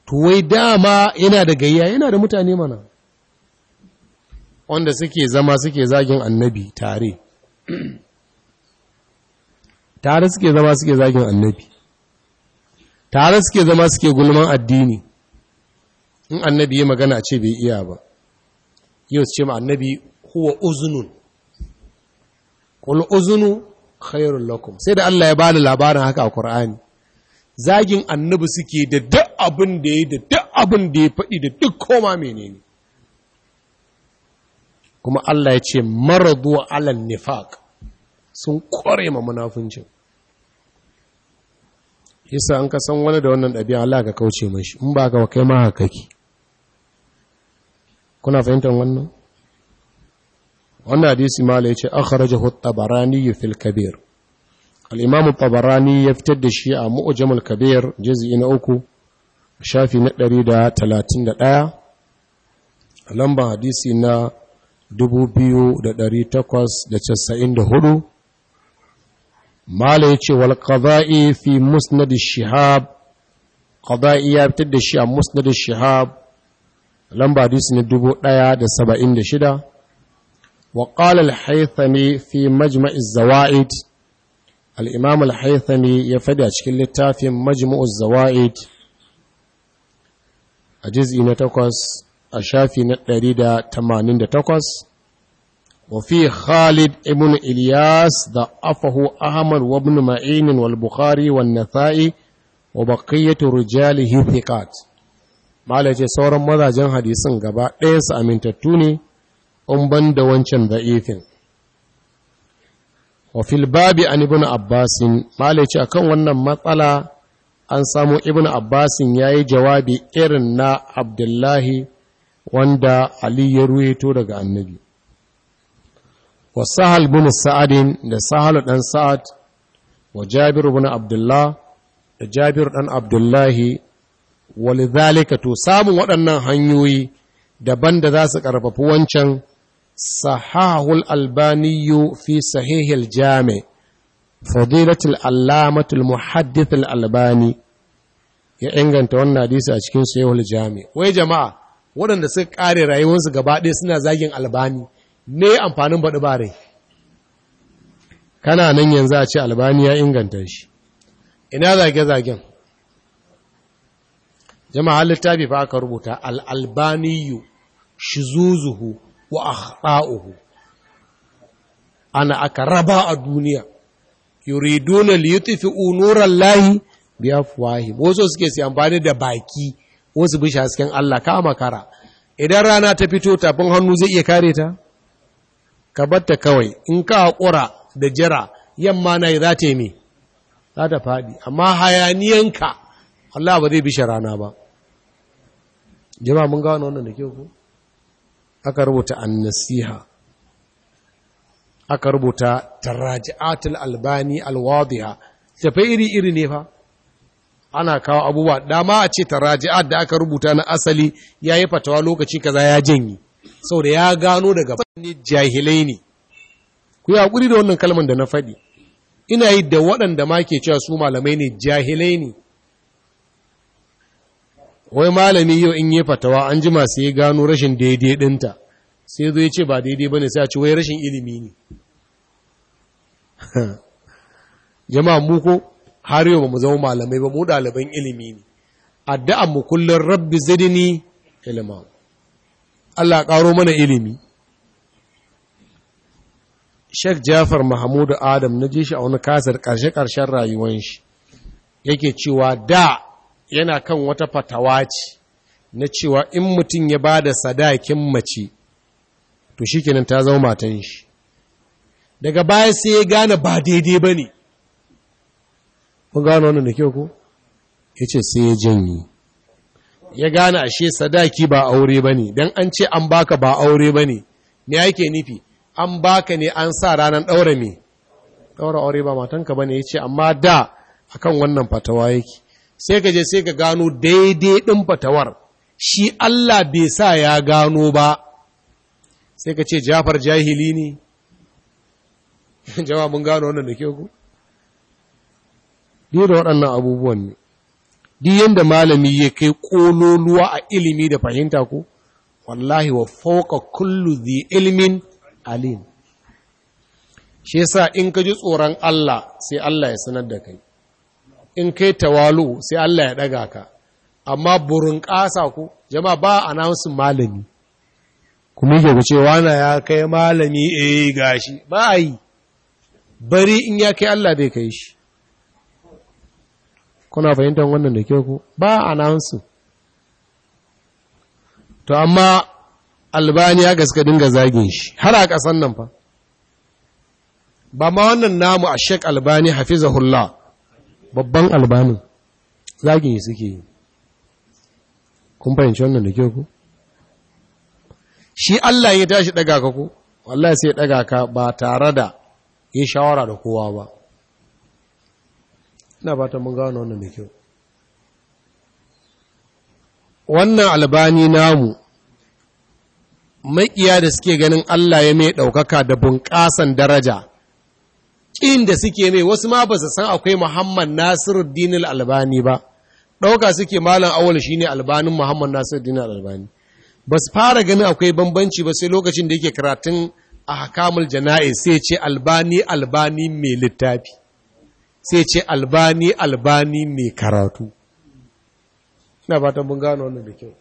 tuwai dama yana da gayya yana da mutane mana wanda suke zama suke zagin annabi tare tare suke zama suke zagin annabi tare suke zama suke gulman addini in annabi ya magana ce bai iya ba yau ce ma annabi huwa uzunun kul uzunu khairul lakum sai da Allah ya bani labarin haka a Qur'ani zagin annabi suke da duk abin da ya da duk abin da ya faɗi da duk koma menene kuma Allah ya ce maradu alal nifak sun kware ma munafincin yasa an ka san wani da wannan ɗabi'a Allah ka kauce mashi in ba ka kai ma haka kake kuna fahimtar wannan wannan hadisi mala yace akhrajahu at-tabarani fil kabir al-imam at-tabarani ya fitar da shi a mu'jam al-kabir juz'i na uku shafi na 131 lamba hadisi na 2894 mala yace wal qada'i fi musnad ash-shihab qada'i ya fitar da shi a musnad ash-shihab lamba hadisi na 1076 da qala al-haythami fi majma' az-zawaid al-imam al-haythami ya a cikin littafin majmu' zawaid a juz'i na takwas a shafi na takwas. wa fi Khalid ibn Ilyas da afahu Ahmad wa ibn Ma'in wal Bukhari Nasa'i wa baqiyatu rijalihi thiqat mala sauran mazajen hadisin gaba ɗaya su amintattu ne in ban da wancan za'ifin. wa fil babi an ibn abbasin mala ce akan wannan matsala an samu ibn abbasin yayi jawabi irin na abdullahi wanda ali ya ruwaito daga annabi wa sahal bin sa'adin da sahal dan sa'ad wa jabir bin abdullah da jabir dan abdullahi walizalika to samun waɗannan hanyoyi daban da za su ƙarfafi wancan sahahul albaniyu fi sahihil jami fadilatul alamatul muhaddithul albani ya inganta wannan hadisi a cikin sahihul jami wai jama'a waɗanda suka ƙare rayuwarsu gaba ɗaya suna zagin albani ne amfanin baɗi bare kana nan yanzu a ce albani ya inganta shi ina zage-zagen jama'a littafi fa aka rubuta al-albaniyu shizuzuhu wa akhta'uhu ana aka raba a duniya yuriduna li yutfi'u nurallahi bi afwahi wasu suke su amfani da baki wasu bisha hasken Allah ka makara idan rana ta fito ta tafin hannu zai iya kare ta ka batta kawai in ka hakura da jira yamma na yi za ta yi me za ta faɗi amma hayaniyanka Allah ba zai bishe rana ba Jama mun gano wannan da ke ku aka rubuta an aka rubuta taraji'atul albani alwadiha tafai iri iri ne fa ana kawo abubuwa dama a ce taraji'at da aka rubuta na asali ya yi fatawa lokaci kaza ya janyi da ya gano daga fanni jahilai ne ku yi hakuri da wannan kalmar da na faɗi ina yi da waɗanda ma ke cewa su malamai ne jahilai ne wai malami yau in yi fatawa an jima sai ya gano rashin daidai dinta sai zai ce ba daidai ba ne sai a ci wai rashin ilimi ne jama mu har yau ba mu zama malamai ba mu ɗaliban ilimi ne addu'a mu kullum rabbi zidni ilma Allah ƙaro mana ilimi Sheikh Jafar Mahmud Adam na ji shi a wani kasar ƙarshe-ƙarshen rayuwar shi yake cewa da yana kan wata fatawa ce na cewa in mutum ya ba da sadakin mace to shi kenan ta zama matan shi daga baya sai ya gane ba daidai ba ne kun gano wannan da kyau ko ya ce sai ya janyi ya gane ashe sadaki ba aure ba ne don an ce an baka ba aure ba ne ne ke nufi an baka ne an sa ranar ɗaura me ɗaura aure ba matanka ba ne ya ce amma da akan wannan fatawa yake sai ka je sai ka gano daidai ɗin fatawar shi Allah bai sa ya gano ba sai ka ce jafar jahili ne jawa mun gano wannan da ke ku duk da waɗannan abubuwan ne duk yadda malami ya kai ƙololuwa a ilimi da fahimta ku, wallahi wa fauka kullu zi ilimin alim shi yasa in ka ji tsoron Allah sai Allah ya sanar da kai in kai tawalu sai Allah ya ɗaga ka amma burin ƙasa ku jama'a ba a announcing malami kuma yake cewa na ya kai malami eh gashi ba a yi bari in ya kai Allah bai kai shi kuna fahimtar wannan da ke ku ba a announcing to amma albani ya gaske dinga zagin shi har a ƙasan nan fa ba ma wannan namu a shek albani hafizahullah babban albanin zagin suke yi kun fahimci wannan da kyau ku shi Allah ya tashi daga ka ku wallahi sai daga ka ba tare da ya shawara da kowa ba ina fatan mun gano wannan da kyau wannan albani namu maƙiya da suke ganin Allah ya mai ɗaukaka da bunƙasan daraja ƙin da suke mai wasu ma ba su san akwai muhammad nasiruddin albani ba ɗauka suke malam awal ne albanin muhammad nasiruddin albani ba su fara ganin akwai bambanci ba sai lokacin da yake karatun a hakamul jana'i sai ce albani albani mai littafi sai ce albani albani mai karatu ina ba ta mun gano wannan da kyau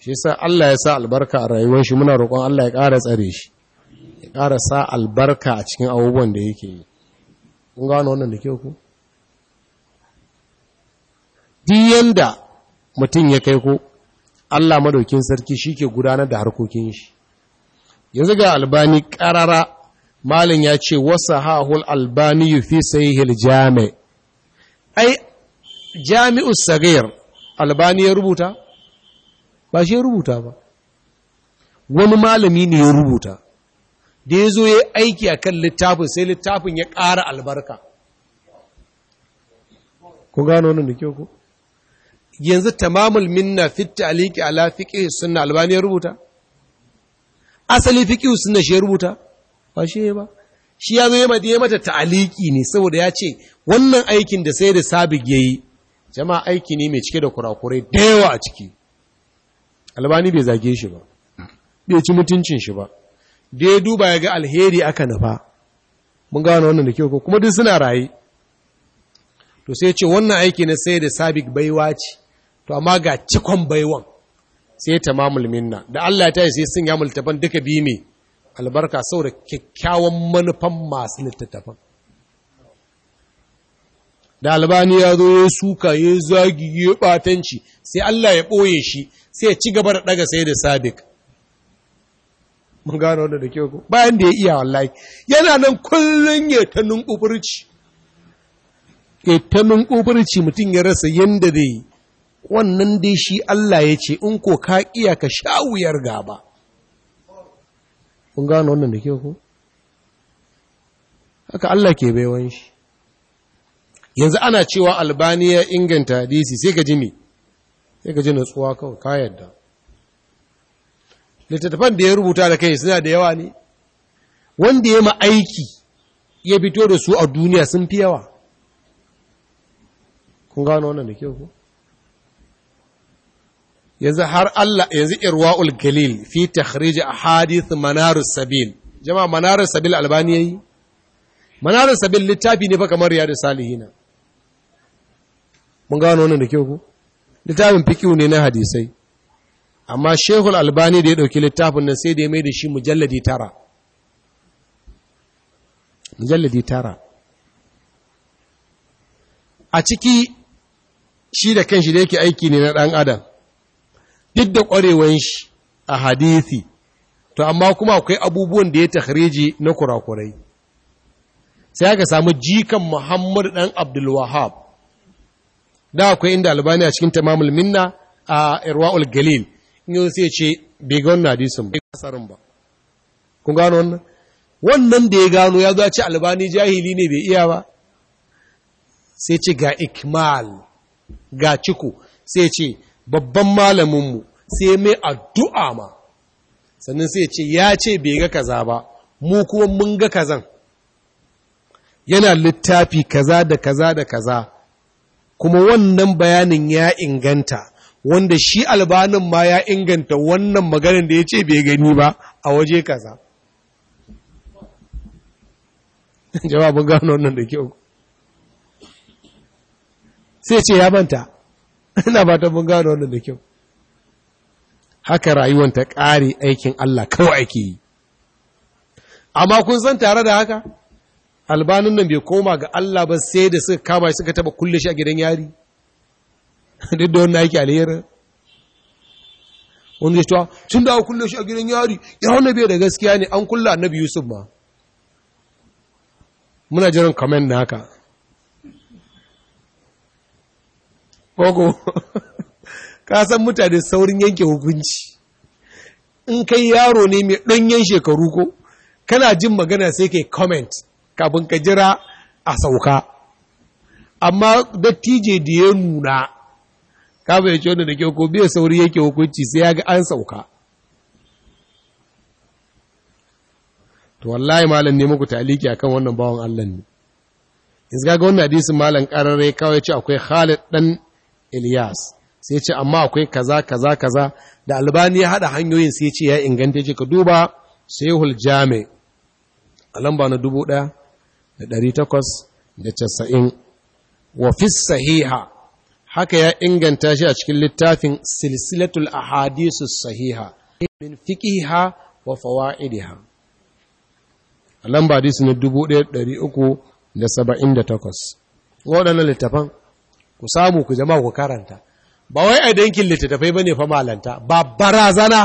shi sa Allah ya sa albarka a rayuwar shi muna roƙon Allah ya ƙara tsare shi ya ƙara sa albarka a cikin abubuwan da yake yi kun gano wannan da kyau ku diyan da mutum ya kai ku? Allah madaukin sarki shi ke gudanar da harkokin shi yanzu ga albani ƙarara malin ya ce wasa ha’ahul albani fi sai hil jami ai jami'us sagayar albani ya rubuta ba shi ya rubuta ba wani malami ne ya rubuta da ya zo ya aiki a kan littafin sai littafin ya ƙara albarka Ku gano wani da kyau ku yanzu tamamul minna fitta aliki ala fiƙi suna albani ya rubuta asali fiƙi suna shi ya rubuta ba shi ba shi ya zo ya mata ta'aliki ne saboda ya ce wannan aikin da sai da sabig ya yi jama'a aiki ne mai cike da kurakurai da yawa a ciki albani bai zage shi ba bai ci mutuncin shi ba da ya duba ya ga alheri aka nufa mun gano wannan da kyau ko kuma duk suna raye to sai ce wannan aiki na sai da sabik baiwa ce to amma ga cikon baiwan sai ta mamul minna da Allah ta yi sai sun ya multafan duka bi me albarka saboda kyakkyawan manufan masu littattafan da albani ya zo ya suka ya zagi ya batanci sai Allah ya ɓoye shi sai ya ci gaba da ɗaga sai da sabik mun gano da ke ku bayan da ya iya wallahi yana nan kullun ya ta nunkufurci ya ta nunkufurci mutum ya rasa yanda da yi wannan dai shi Allah ya ce in ko ka iya ka sha wuyar gaba mun gano wannan da ke ku haka Allah ke baiwan shi yanzu ana cewa albaniya inganta hadisi sai ka ji me sai ka ji natsuwa kawai ka yadda littattafan da ya rubuta da kai suna da yawa ne wanda ya ma aiki ya fito da su a duniya sun fi yawa kun gano wannan da kyau ku yanzu har Allah yanzu irwa'ul galil fi takhrij ahadith manarus sabil jama'a manarus sabil albani yayi manarus sabil littafi ne fa kamar riyadu salihina mun gano wannan da kyau ku littafin fiqhu ne na hadisai amma shehul albani da ya ɗauki littafin nan sai da ya mai da shi mujalladi tara mujalladi tara a ciki shi da kanshi da yake aiki ne na ɗan adam duk da ƙwarewan shi a hadithi to amma kuma akwai abubuwan da ya tahriji na kurakurai sai aka samu jikan Muhammadu ɗan abdulwahab da akwai inda albani a cikin tamamul minna a irwa'ul galil in sai ce bai ga wannan ba ba kun gano wannan wannan da ya gano ya zo ce albani jahili ne bai iya ba sai ce ga ikmal ga ciko sai ce babban malaminmu sai mai addu'a ma sannan sai ce ya ce bai ga kaza ba mu kuma mun ga kazan yana littafi kaza da kaza da kaza kuma wannan bayanin ya inganta wanda shi albanin ma ya inganta wannan maganin da ya ce bai gani ba a waje kaza jawabin gano wannan da kyau sai ce ya manta ina ba ta mun gano wannan da kyau haka rayuwar ta ƙare aikin Allah kawai ake yi amma kun san tare da haka albanin nan bai koma ga Allah ba sai da suka kama shi suka taba kulle shi a gidan yari duk da wanda ake alherin wanda ya cewa ah, tun da kulle shi a gidan yari ya wanda biya da gaskiya ne an kulla annabi yusuf ma muna jiran kamen na haka kogo ka san mutane saurin yanke hukunci in kai yaro ne mai ɗanyen shekaru ko kana jin magana sai kai comment kafin ka jira a sauka amma dattije da ya nuna ka ce wanda da kyau ko biya sauri yake hukunci sai ya ga an sauka to wallahi malam ne muku taliki akan wannan bawan Allah ne In yanzu ga wannan hadisin malam kararre kawai ce akwai Khalid ɗan Ilyas sai ce amma akwai kaza kaza kaza da Albani ya haɗa hanyoyin sai ce ya inganta ce ka duba Sahihul Jami a lamba na dubu da da takwas casa'in wa fi sahiha haka ya inganta shi a cikin littafin silsilatul ahadisu sahiha min fiqiha wa fawaidiha a lamba hadisi na 1378 waɗannan littafan ku samu ku jama'a ku karanta ba wai a dankin littattafai bane fa malanta ba barazana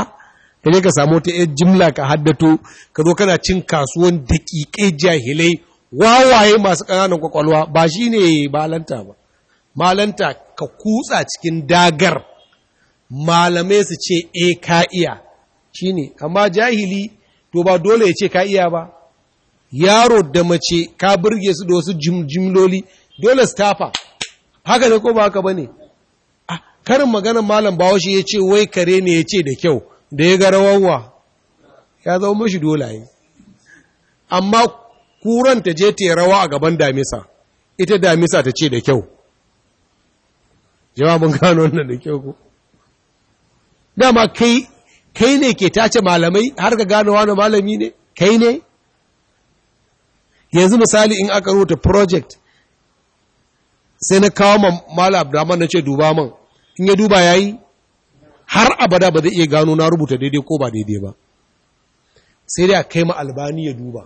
ka ka samu ta yan jimla ka haddato ka zo kana cin kasuwan daƙiƙai jahilai wawaye masu ƙananan kwakwalwa ba shi ne malanta ba malanta ka kutsa cikin dagar malamai su ce e ka iya shine amma jahili to ba dole ya ce ka iya ba yaro da mace ka burge su da wasu jimloli dole su tafa haka ne ko ba haka ne? A karin maganar malam ba washe ya ce wai kare ne ya ce da kyau da ya ga rawawa ya zama mashi dolaye amma kuran ta je ta rawa a gaban damisa ita damisa ta ce da kyau jawabin mun gano wannan da kyau ko dama kai kai ne ke tace malamai har ka gano wani malami ne kai ne yanzu misali in aka rubuta project sai na kawo ma mala abdaman na ce duba man in ya duba yayi har abada ba zai iya gano na rubuta daidai ko ba daidai ba sai dai a kai ma albani ya duba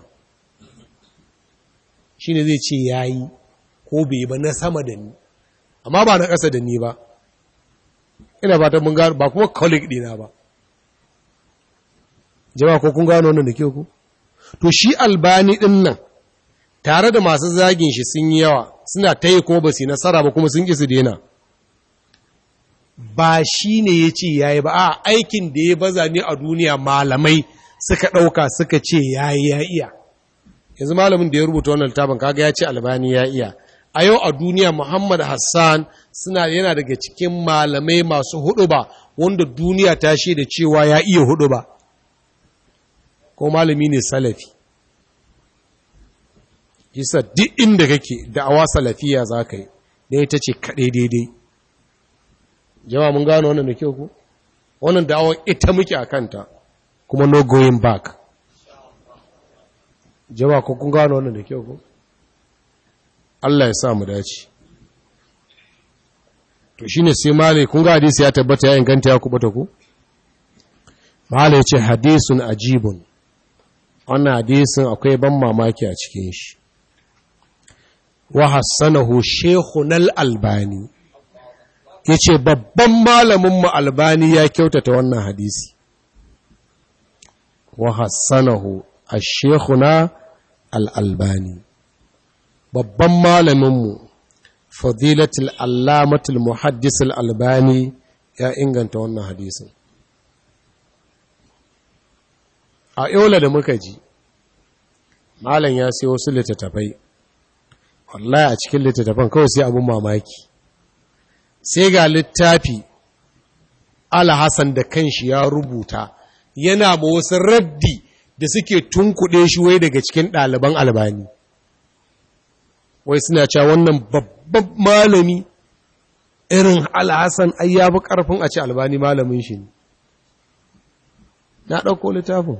shine zai ce yayi ko bai ba na sama da ni amma ba na ƙasa da ni ba ina ba ta mun gano ba kuma colleague ɗina ba jama'a ko kun gano wannan da ke ku to shi albani ɗin nan tare da masu zagin shi sun yi yawa suna ta yi kuma ba su yi nasara ba kuma sun ƙi su daina ba shi ne ya ce ya yi ba a aikin da ya baza ne a duniya malamai suka ɗauka suka ce ya yi ya iya yanzu malamin da ya rubuta wannan littafin kaga ya ce albani ya iya a yau a duniya Muhammad Hassan suna yana daga cikin malamai masu hudu ba wanda duniya ta da cewa ya iya hudu ba ko malami ne salafi isa duk inda kake awa salafiya za ka yi da ita ce kaɗai daidai jama mun gano wannan da kyau ku wannan da awon ita muke a kanta kuma no going back jama kun gano wannan da kyau ku Allah ya sa mu dace to shine sai malai kun ga hadisi ya tabbata ya inganta ya kubuta ku malai ya ce hadisun ajibun wannan hadisin akwai ban mamaki a cikin shi wa hassanahu al albani ya ce babban mu albani ya kyautata wannan hadisi wa hassanahu a shehuna al-albani babban malaminmu fadilatul allamatul muhaddisul albani ya inganta wannan hadisin a yola da muka ji malam ya sai wasu littattafai wallahi a cikin littattafan kawai sai abin mamaki sai ga littafi alhassan da kanshi ya rubuta yana ba wasu raddi da suke tunkuɗe shi wai daga cikin ɗaliban albani wai suna cewa wannan babban malami irin alhassan ai ya bi ƙarfin a ce albani malamin shi ne na ɗauko littafin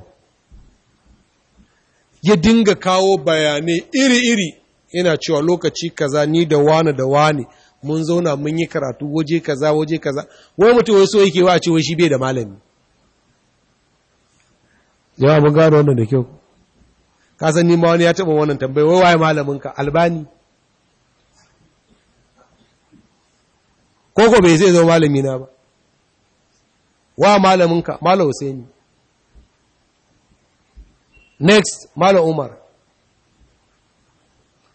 ya dinga kawo bayanai iri-iri yana cewa lokaci kaza ni da wani da wani mun zauna mun yi karatu waje kaza waje kaza wai mutum wai so yake wa a ce wai shi bai da malami yawa mun gano wannan da kyau ka san ni ma wani ya taɓa wannan tambayi wai waye malamin ka albani ko ko bai zai zo malami na ba wa malaminka malam Husaini next malam Umar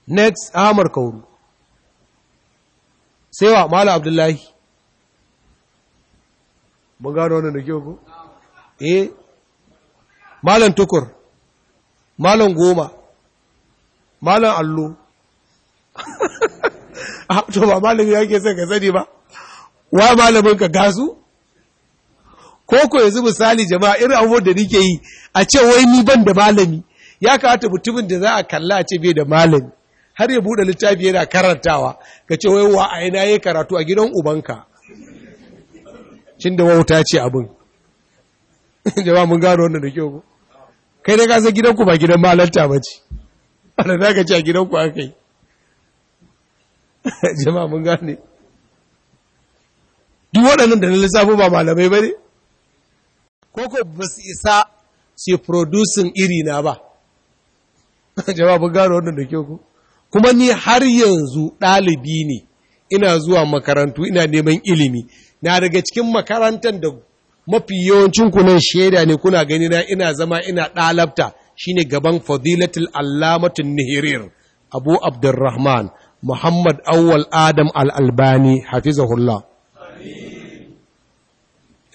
next Ahmad Kauru sai wa malam Abdullahi mun gano wani da kyau ku eh malam tukur malam goma malam allo a haɗu ah, ba malami yake sai ka sani ba wa malamin ka gasu ko ko yanzu misali jama'a irin abubuwan da nike yi a ce wai ni ban da malami ya kamata mutumin da za a kalla a ce bai da malami har ya buɗe littafi yana karantawa ka ce wai wa a yana yi karatu a gidan ubanka cin da wauta ce abin jama'a mun gano wannan da kyau kai dai ka san gidanku ba gidan malanta ba ce wanda za ka ce a gidanku aka yi jama'a mun gane duk waɗannan da na lissafo ba malamai ba ne ko ko ba su isa su producing iri na ba jawabin gano wannan da kyau ku kuma ni har yanzu ɗalibi ne ina zuwa makarantu ina neman ilimi na daga cikin makarantar da mafi yawancin kunan shaida ne kuna gani na ina zama ina ɗalabta shine gaban fadilatul allamatun nihirir abu abdurrahman muhammad awwal adam al-albani hafizahullah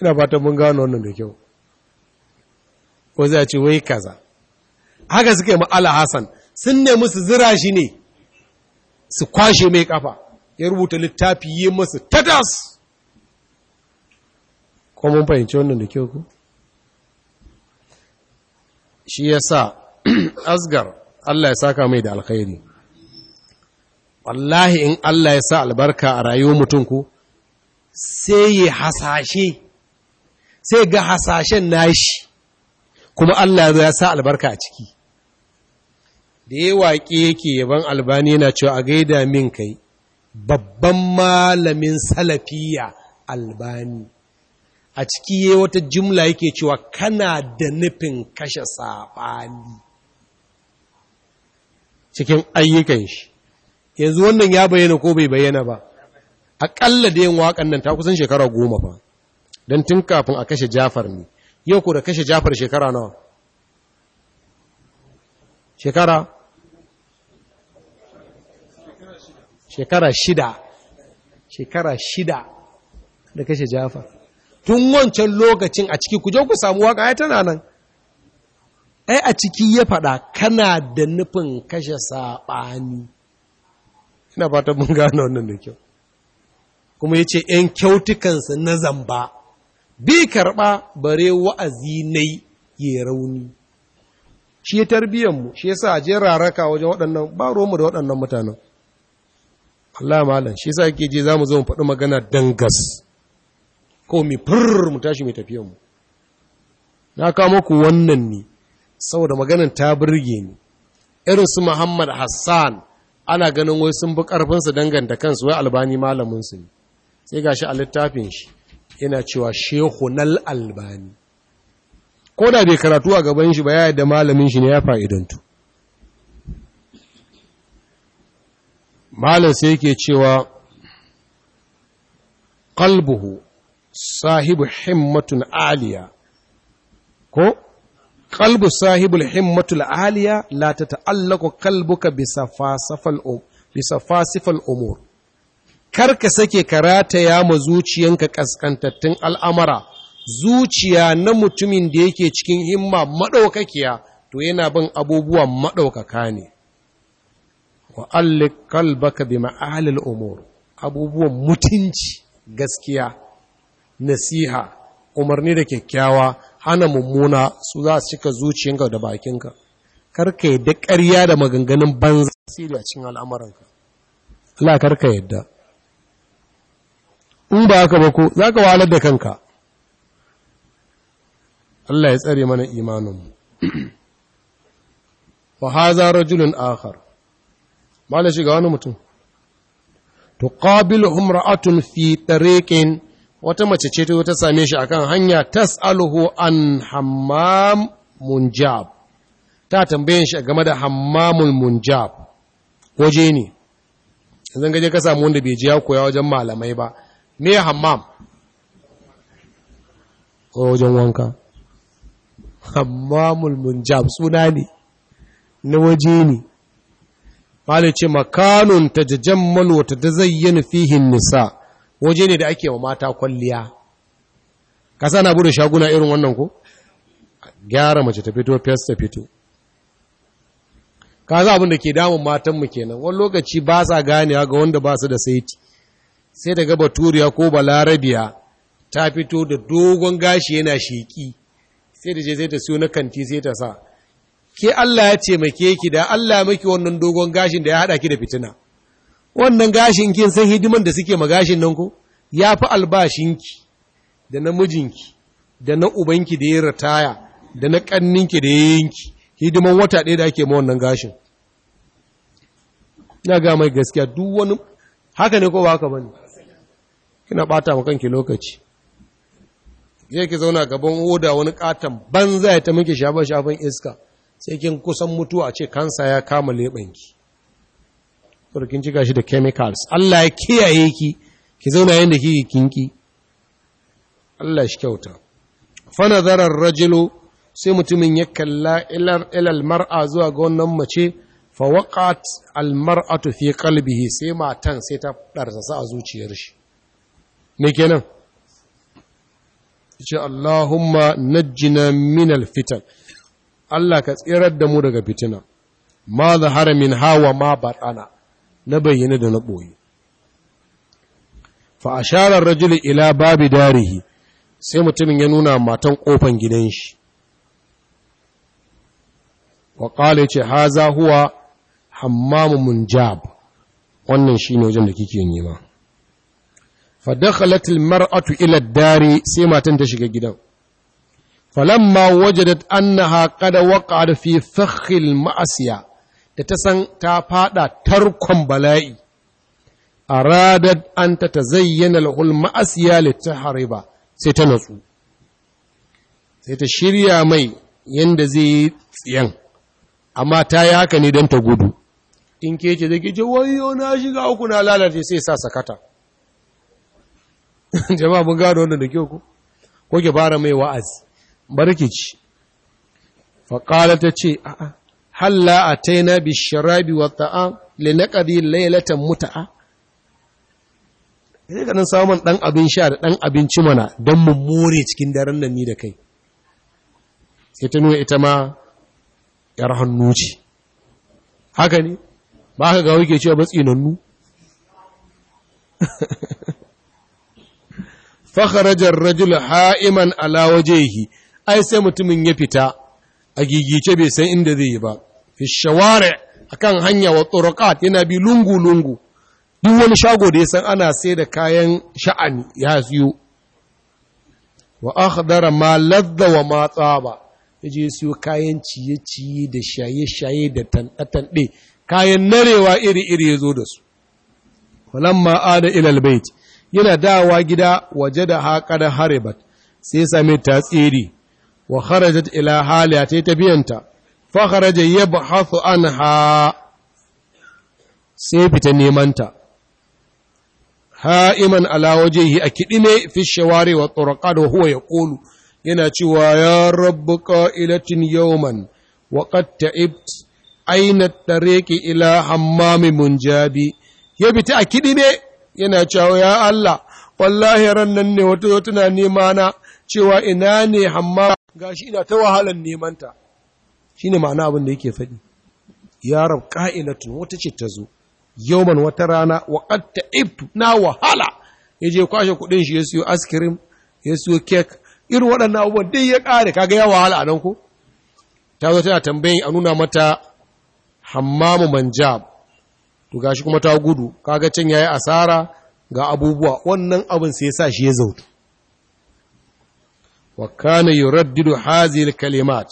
ina fatan mun gano wannan da kyau ko zai ce wai kaza haka suka yi ma'ala hassan sun nemi su zira shi ne su kwashe mai kafa ya rubuta littafi yi masu tatas ko mun fahimci wannan da kyau ku shi ya sa asgar Allah ya saka mai da alkhairi wallahi in Allah ya sa albarka a rayuwar mutum ku sai ya hasashe sai ga hasashen nashi kuma Allah ya sa albarka a ciki da ya waƙe yake yaban albani yana cewa a gaida min kai babban malamin salafiya albani a ciki ya wata jimla yake cewa kana da nufin kashe saɓani cikin ayyukan shi yanzu wannan ya bayyana ko bai bayyana ba ƙalla da yin waƙan nan ta kusan shekara goma ba don tun kafin a kashe jafar ne yau ku da kashe jafar shekara nawa shekara shekara shida shekara shida da kashe jafar tun wancan lokacin a ciki kuje ku samu waƙa ya tana nan ai a ciki ya faɗa kana da nufin kashe saɓani ina fatan mun gano wannan da kyau kuma ya ce ‘yan kyautukansa na zamba, bi karɓa bare wa'azi nai ya rauni. Shi ya tarbiyyanmu, shi ya sa a je raraka wajen waɗannan ba romu da waɗannan mutanen. Allah malam, shi ya sa ake je za mu zo mu faɗi magana dangas, ko mi furr mu tashi mai tafiyanmu. Na kawo muku wannan ne, saboda maganan ta birge ni. Irin su Muhammad Hassan ana ganin wai sun bi ƙarfinsu danganta kansu wai albani malaminsu ne. sai ga shi a littafin shi yana cewa shehunal albani ko da bai karatu a gaban shi ba ya yadda malamin shi ne ya fa'idantu malam sai ke cewa kalbuhu sahibu himmatun aliya ko kalbu sahibu himmatun aliya la ta qalbuka kalbuka fasifal fasifal umur kar ka sake karata ya ma zuciyanka kaskantattun al'amara zuciya na mutumin da yake cikin himma maɗaukakiya to yana bin abubuwan maɗaukaka ne wa kalbaka bi ma'alil umur abubuwan mutunci gaskiya nasiha umarni da kyakkyawa hana mummuna su za su cika zuciyanka da bakinka karka yadda ƙarya da maganganun banza tasiri a cikin al'amuranka Allah karka yadda in ba haka ba ko za ka wahalar da kanka Allah ya tsare mana imaninmu wa haza rajulun akhar mala shiga wani mutum tuqabilu umra'atun fi tariqin wata mace ce ta same shi akan hanya tas'aluhu an hammam munjab ta tambaye shi game da hammamul munjab waje ne zan gaje ka samu wanda bai je ya koya wajen malamai ba me hammam ko wajen wanka hammamul munjab suna ne na waje ne Bala ce makanun ta jajen malwata ta zayyana fihin nisa waje ne da ake wa mata kwalliya. Kasa na bude shaguna irin wannan ko? Gyara mace ta fito, fes ta fito. za abin da ke damun matanmu kenan, wani lokaci ba sa ganewa ga wanda ba su da saiti. sai daga baturiya ko balarabiya ta fito da dogon gashi yana sheki sai da je zai ta siyo na kanti sai ta sa ke Allah ya ce make ki da Allah maki wannan dogon gashin da ya hada ki da fitina wannan gashin kin san hidiman da suke ma gashin nan ko ya fi ki da na mijinki da na ubanki da ya rataya da na kanninki da ya yinki hidiman wata ɗaya da ake ma wannan gashin na ga mai gaskiya duk wani haka ne ko ba haka bane kina bata ma kanki lokaci zai ki zauna gaban oda wani katon banza ya ta miki shafin-shafin iska sai kin kusan mutuwa ce kansa ya kama lebanki kin cika shi da chemicals Allah ya kiyaye ki ki zauna yanda kike kinki Allah shi kyauta fa nazara rajulu sai mutumin ya kalla ilal mar'a zuwa ga wannan mace fa waqat al mar'atu fi qalbihi sai matan sai ta darsasa a zuciyar shi me kenan ce Allahumma najjina minal fitan Allah ka tsirar da mu daga fitina ma zahara min hawa ma batana na bayyana da na ɓoye. fa ashara ar-rajul ila babi darihi sai mutumin ya nuna matan ƙofan gidan shi wa qala ce haza huwa hammamu munjab wannan shine wajen da kike nema fa dakhalat almar'atu ila dari sai matan ta shiga gidan falamma wajadat annaha qad waqa'at fi fakhi alma'siya da da ma'asiya ta san ta faɗa tarkon bala'i Aradar an tatazayyana lahul ma'siya litahriba sai ta natsu sai ta shirya mai yanda zai tsiyan amma ta yi haka ne dan ta gudu in ke ce da ce wayo na shiga uku na lalace sai sa sakata jama'a mun gano wannan da kyau ko ko ki fara mai wa'azi ci fa qala ta ce a'a halla ataina bi sharabi wa ta'am li naqdi laylatan muta'a sai ganin samun dan abin sha da dan abinci mana dan mu more cikin daren nan ni da kai sai ta nuna ita ma yar hannu ce haka ne ba ka ga wuke cewa ba tsinannu fakharajar rajul ha'iman ala wajehi ai sai mutumin ya fita a gigice bai san inda zai yi ba fi a kan hanya wa turqat yana bi lungu lungu duk wani shago da ya san ana sai da kayan sha'ani ya siyo wa akhdara ma ladda wa ma tsaba yaje siyo kayan ciye-ciye da shaye-shaye da tanɗe-tanɗe kayan narewa iri-iri ya zo da su falamma ada ilal bait yana dawa gida waje da haƙar haribat sai sami ta tsiri wa kharajat ila hali ta tafiyanta fa kharaja yabhathu anha sai fita nemanta ha'iman ala wajhihi a kidime fi shawari wa turqad huwa huwa yaqulu yana cewa ya rabbu qa'ilatin yawman wa qad ta'ibt aina tariqi ila hammami munjabi ya fita a kidime yana cewa ya Allah wallahi ran nan ne wata yau tana nema na cewa ina ne hamma gashi ina ta wahalan neman ta shine ma'ana abin da yake faɗi ya rab qa'ilatun wata ce ta zo yawman wata rana wa qad ta'ibtu na wahala yaje kwashe kudin shi ya siyo askirim ya siyo kek irin waɗannan abubuwan dai ya ƙare kaga ya wahala anan ko ta zo tana tambayin a nuna mata hammamu manjab to gashi kuma ta gudu kaga can yayi asara ga abubuwa wannan abin sai yasa shi ya zautu wa kana yuraddidu hazil kalimat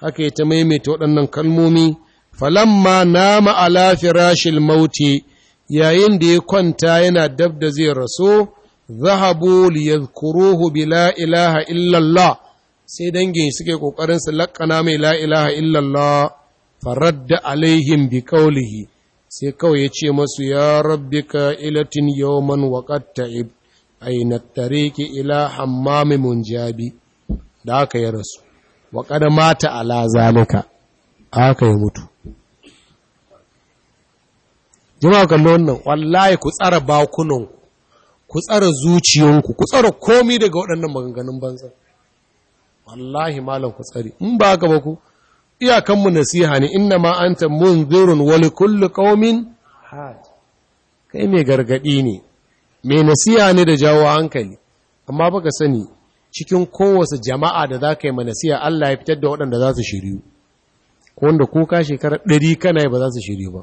haka yata maimaita waɗannan kalmomi falamma nama ala firashil mauti yayin da ya kwanta yana dab da zai raso zahabu liyadhkuruhu bi la ilaha illallah sai dangin suke kokarin su lakkana mai la ilaha illallah faradda alaihim bi qawlihi sai kawai ya ce masu ya rabbi ka ilatin yawman waqat ta'ib aina ki ila hammami munjabi da aka yi rasu wa mata ala zalika aka yi mutu jima kallo wannan wallaye ku tsara bakunan ku tsara zuciyanku ku tsara komi daga waɗannan maganganun banza wallahi malam ku tsari in ba ka iyakanmu nasiha ne inna ma anta munzirun wani kulli qaumin had kai mai gargadi ne mai nasiha ne da jawo hankali amma baka sani cikin kowace jama'a da zaka yi nasiha Allah ya fitar da waɗanda za su shiryu ko wanda ko ka shekara 100 kana ba za su shiryu ba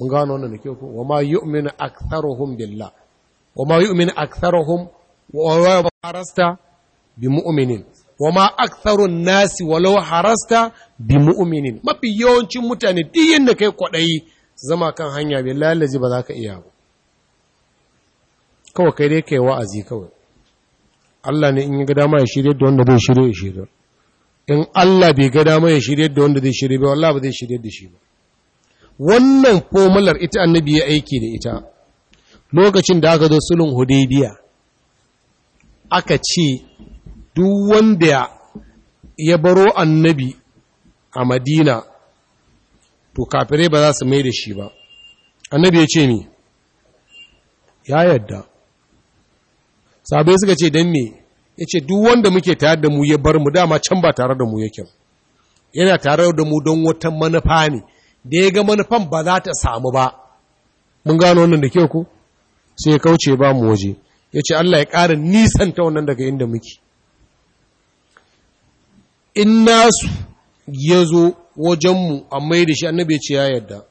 mun gano wannan da ke ko wa ma yu'minu aktharuhum billah wa ma yu'minu aktharuhum wa wa bi mu'minin wa ma aktharun nasi walau harasta bi mu'minin mafi yawancin mutane duk yanda kai kwaɗayi zama kan hanya bai lalaji ba za ka iya ba kawai kai dai kai wa'azi kawai Allah ne in ya ga dama ya shirye da wanda zai shirye ya shirye in Allah bai ga dama ya shirye da wanda zai shirye ba wallahi ba zai shirye da shi ba wannan fomular ita annabi ya aiki da ita lokacin da aka zo sulhun hudaybiya aka ce duk wanda ya baro annabi a madina to kafirai ba za su mai da shi ba annabi ya ce mi ya yadda sabai suka ce don ne, ya ce duk wanda muke tare da mu ya bar mu dama can ba tare da mu yake yana tare da mu don wata manufa ne da ya ga manufan ba za ta samu ba mun gano wannan da kyau ku, sai ya kauce ba mu waje ya ce Allah ya ƙara nisan ta wannan daga inda muke in nasu ya zo wajenmu a mai da shi annabi ya ce ya yarda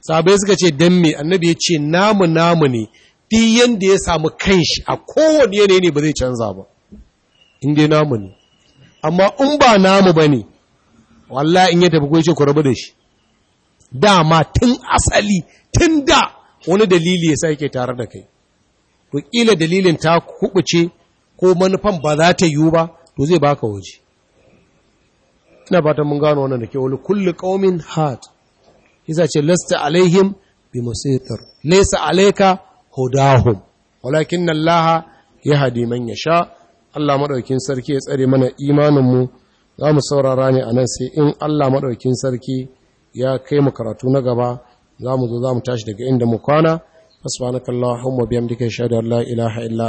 sabai suka ce don mai annabi ya ce namu namu ne fi yadda ya samu kanshi a kowane yanayi ne ba zai canza ba inda namu ne amma in ba namu ba ne Walla in ya tafi ko ce ku rabu da shi dama tun asali tun da wani dalili ya sake tare da kai to kila dalilin ta kubuce ko manufan ba za ta yiwu ba to zai baka waje ina fatan mun gano wannan da ke wani kulli ƙaumin had yasa ce lasta alaihim bi musaitar, laysa alayka hudahum walakin ya yahdi man sha. Allah maɗaukin sarki ya tsare mana imanin mu za mu saurara ne anan sai in Allah maɗaukin sarki ya kai mu karatu na gaba za mu zo za mu tashi daga inda mu kwana subhanakallahumma bihamdika ashhadu an la ilaha illa